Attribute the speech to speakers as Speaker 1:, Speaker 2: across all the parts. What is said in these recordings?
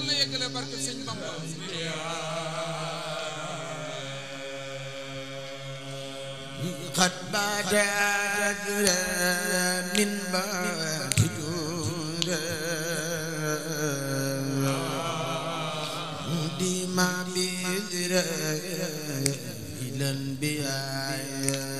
Speaker 1: yàlla na yeggale barke sëñ Bamba قد بدت من بعد دمع بذرة إلى البياع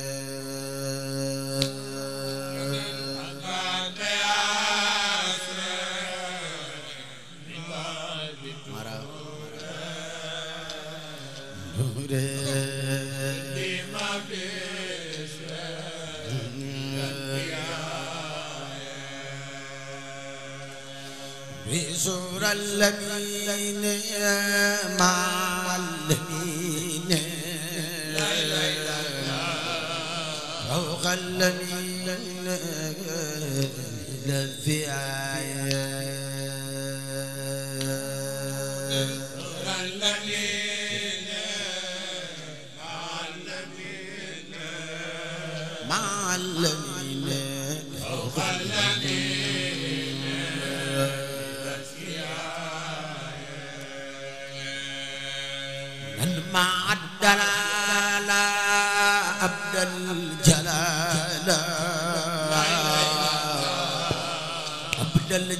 Speaker 1: والذين مع الذين فوق الذين الذي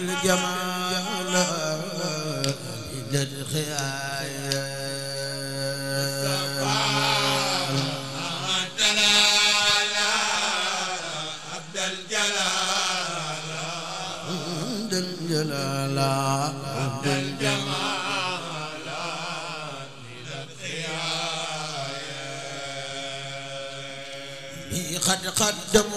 Speaker 1: الجمال للخيال جلالا عبد الجمال للخيال قد قدم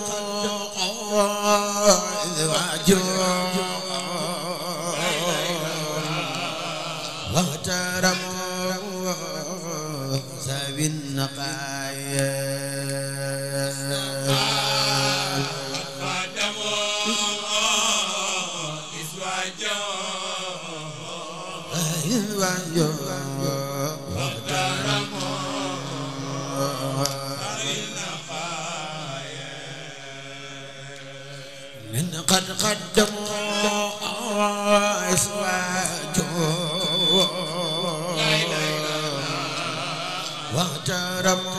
Speaker 1: واغترموا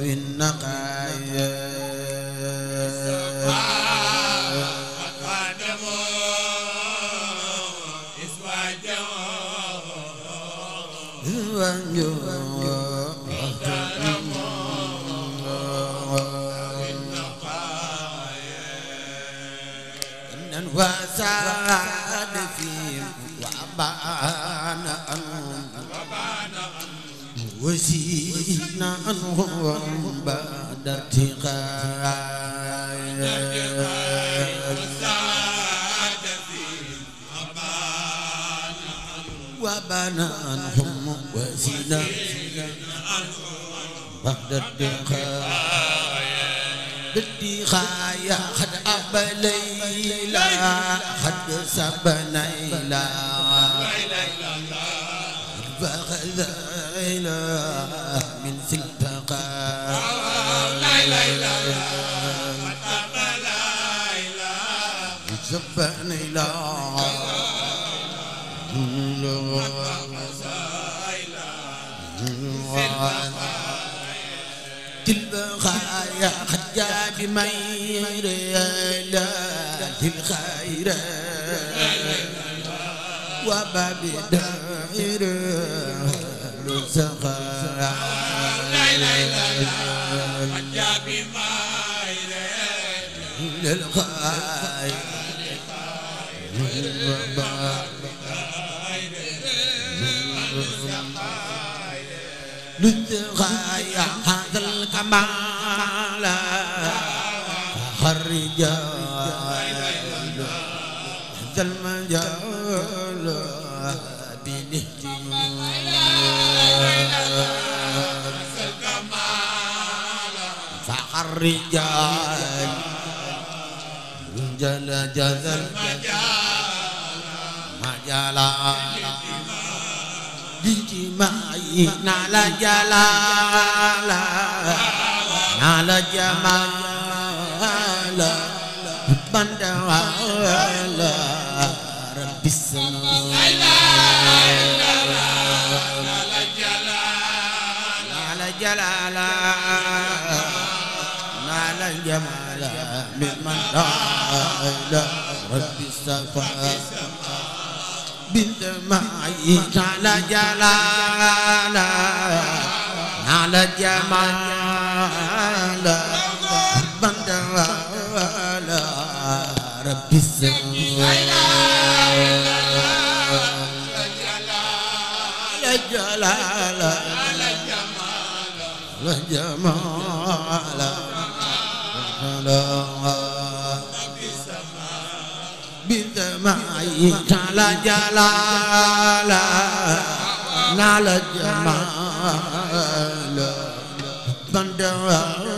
Speaker 1: النقاء وساد فيهم وأبان عنهم وزينا عنهم بعد ارتقاء وبنى عنهم وزينا بعد ارتقاء الدخايا خد أبليلا خد سبنيلا فخذيلا من سلطقا لا إله إلا الله سبنيلا يحجى بمير ذات الخير وببدائر الزخار لا إله إلا الله حجى بمير الخير للغاية هذا الكمال الرجال جل جزل مجالا لجماعنا لجلالا على جمال حبا تعالى رب السماء على جلال على جمال ممن تعالى رب السماء بنت معي على جلال على جمال la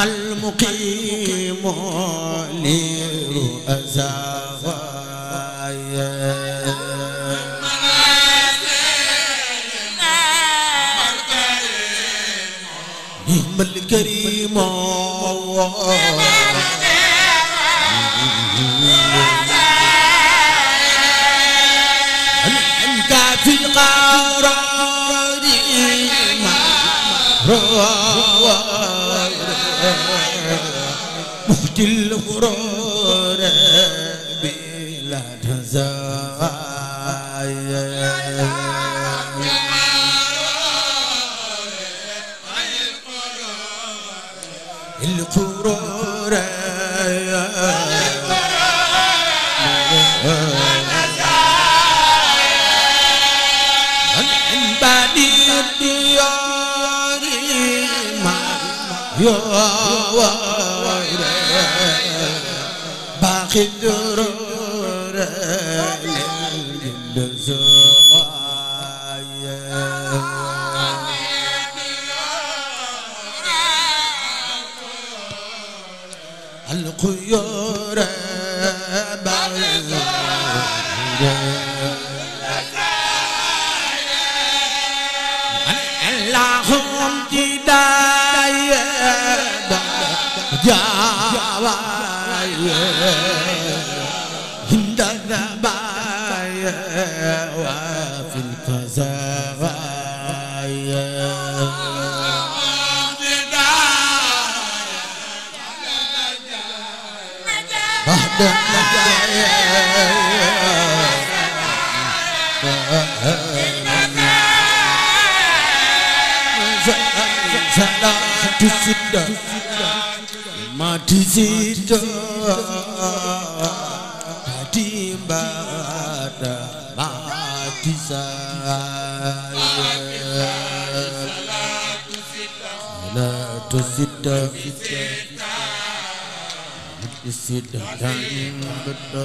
Speaker 1: ما المقيم لرؤساء الكريم انت في القارة til furoon القيوم tisida ma tisida hadimbada ma tisaya la tisida tisida dan beda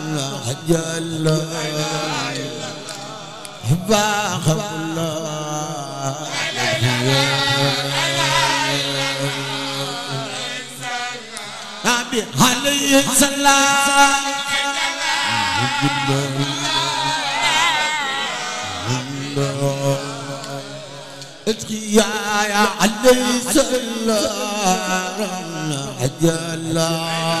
Speaker 1: جل باخ الله نبي عليه السلام اتقي يا علي سلام حج الله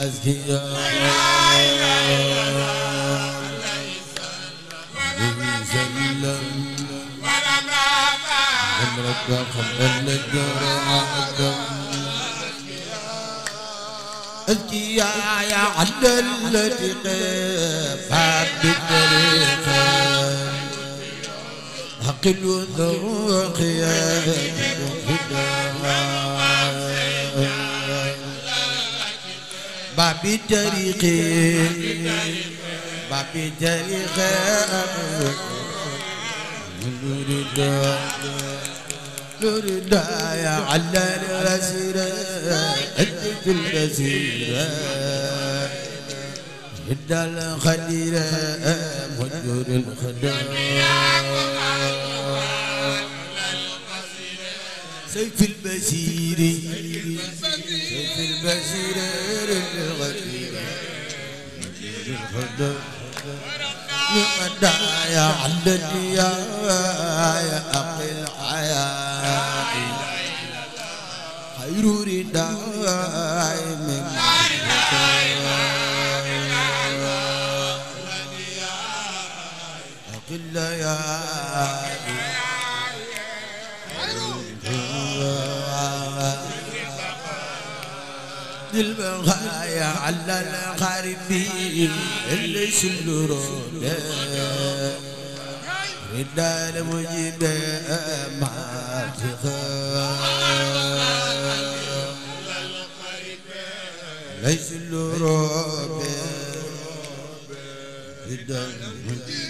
Speaker 1: أزكياء عمرك خمن الدرع أزكياء يا على التي قفت بالطريق عقل ذوق يا بابي جريقي بابي جريقي نريد نريد يا على الرسيرة أنت الرسيرة هدى الخليرة مجر الخدام سيف البشير في البشير الغفير الهدى يا يا عدتي يا يا أقل حياتي خير رداء من أقل يا للبغايا على القاربين اللي سلروا رجال مجد ما ليس الروب رجال مجد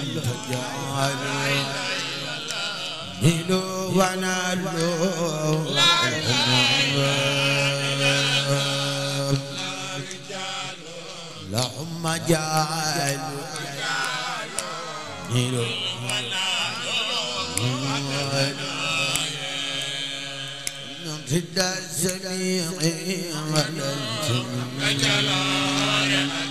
Speaker 1: جعل نلو ونلو لهم جعل نلو نمتد السميع ولنتم جلالا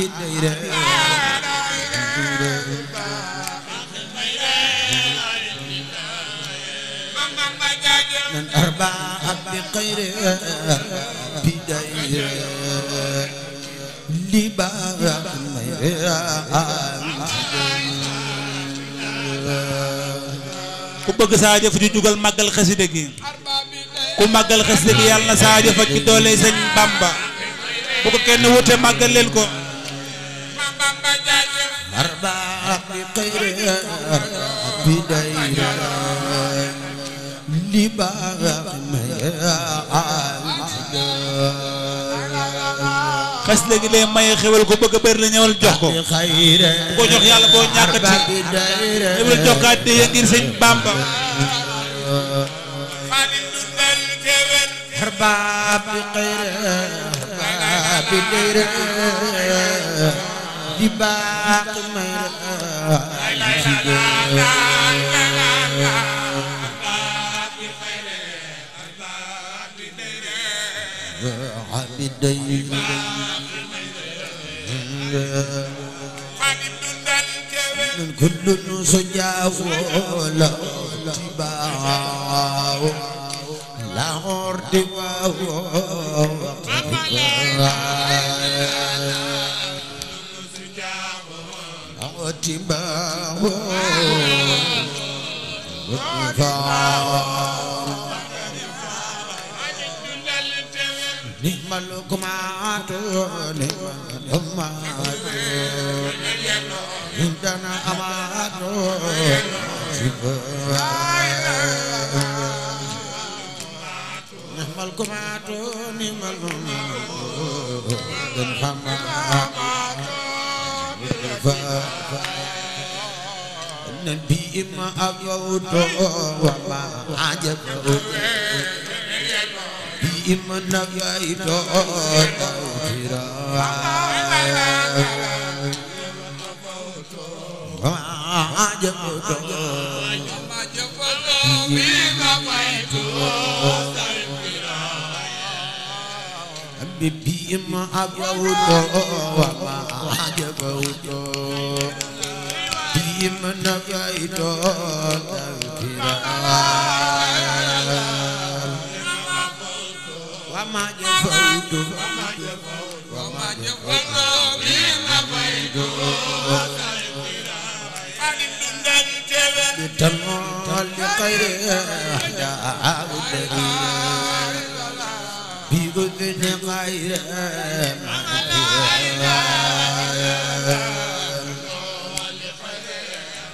Speaker 1: ku bëgg saa jëf ju jugal màggal xasida gi ku màggal xasida gi yàlla na saa jëf ak ci doole sëñ Bamba bu ko kenn wute màggal leen ko أربعة بقير بداية لباغ ميا xes léegi lee maye xewal ko bëgg a bëri la ñëwal ko bu ko jox yàlla boo ñàkk ci bi xayra di baax may كل سجاف ولا اتباع لا ارتباع شباه نعم لقمات نعم عندنا أمات نعم القمات نعم القمات نعم القمات النبي ما أبوت وما عجبت بما نجيت توفيرا عجبت بما ويت بما أبوت وما عجبت bi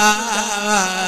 Speaker 1: daa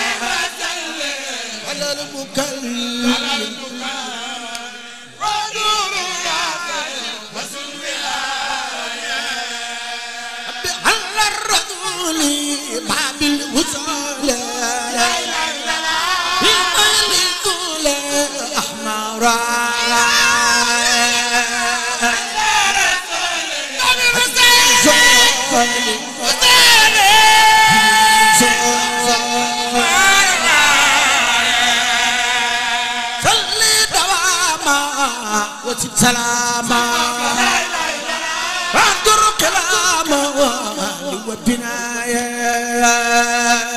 Speaker 1: سلاما أدرك لاما لوبنا يا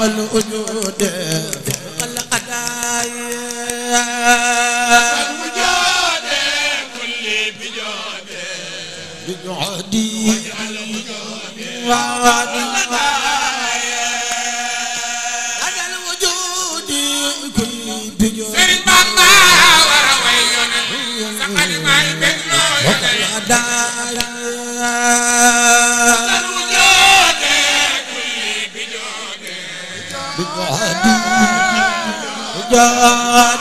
Speaker 1: والوجود فوق القضايا وجود كل بجود بجودي واجعل وجودي mbooloo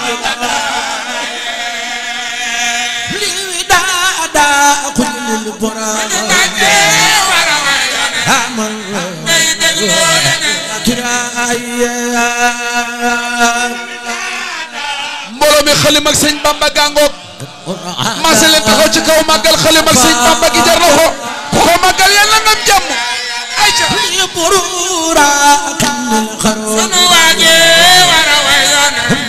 Speaker 1: mi xalim ak sëñ Bamba gàngoog maase leen taxaw ci kaw màggal xalim ak sëñ Bamba gi jar na ko ku ko màggal yàlla ngam jàmm ay ca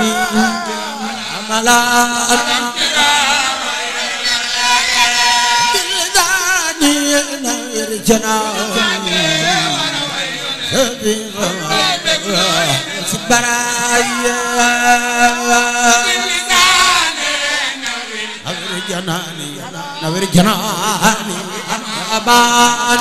Speaker 1: جناني نور جناني أمان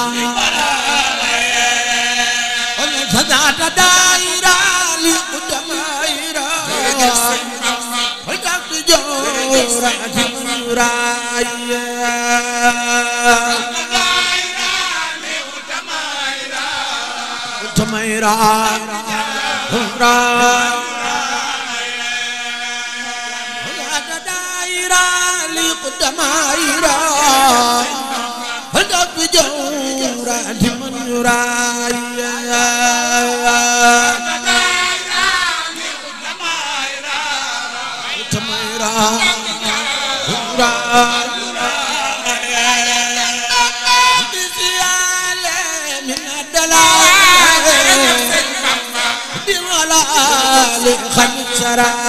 Speaker 1: मेरा घुमरा दायरा लिकदमायरा हदब जौरा दिमनुरा dara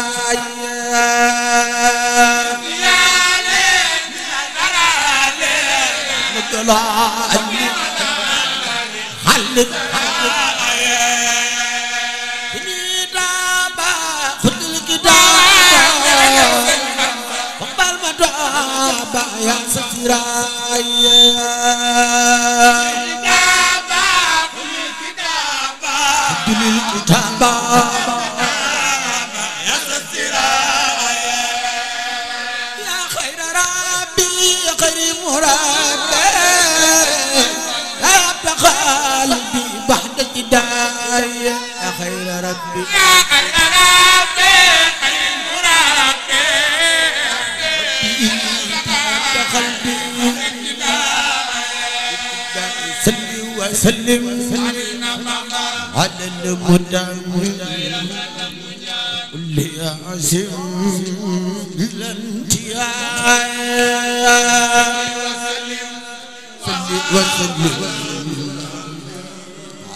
Speaker 1: وسلم على المدمر كل عزم الانتهاء وسلم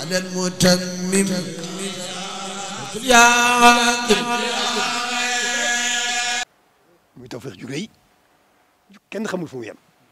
Speaker 1: على المتمم يا muy tawfeex ju rëy kenn xamul fu mu yem